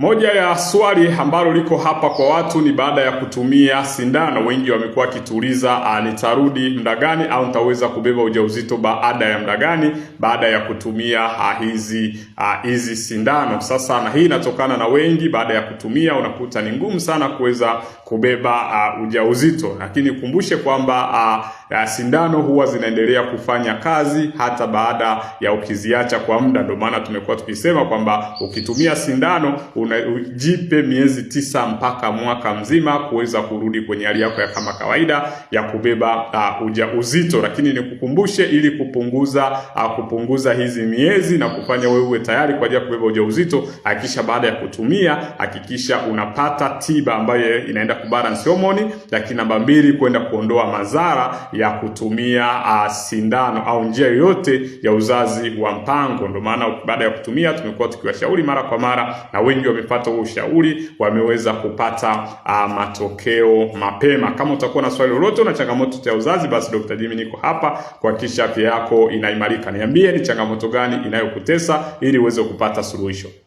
Moja ya swali ambalo liko hapa kwa watu ni baada ya kutumia sindano, wengi wamekuwa wakituuliza ah, nitarudi muda gani au nitaweza kubeba ujauzito baada ya muda gani baada ya kutumia ah, hizi ah, hizi sindano. Sasa na hii inatokana na wengi, baada ya kutumia unakuta ni ngumu sana kuweza kubeba ujauzito, lakini kumbushe kwamba ya sindano huwa zinaendelea kufanya kazi hata baada ya ukiziacha kwa muda. Ndio maana tumekuwa tukisema kwamba ukitumia sindano ujipe miezi tisa mpaka mwaka mzima kuweza kurudi kwenye hali yako ya kama kawaida ya kubeba uh, ah, ujauzito, lakini nikukumbushe ili kupunguza uh, kupunguza hizi miezi na kufanya wewe uwe tayari kwa ajili ya kubeba ujauzito, hakikisha baada ya kutumia hakikisha unapata tiba ambayo inaenda kubalance homoni, lakini namba mbili kwenda kuondoa madhara ya kutumia uh, sindano au njia yoyote ya uzazi wa mpango. Ndio maana baada ya kutumia tumekuwa tukiwashauri mara kwa mara na wengi wame wamepata huo ushauri, wameweza kupata uh, matokeo mapema. Kama utakuwa na swali lolote na changamoto ya uzazi, basi Dr. Jimmy niko hapa kuhakikisha afya yako inaimarika. Niambie ni changamoto gani inayokutesa ili uweze kupata suluhisho.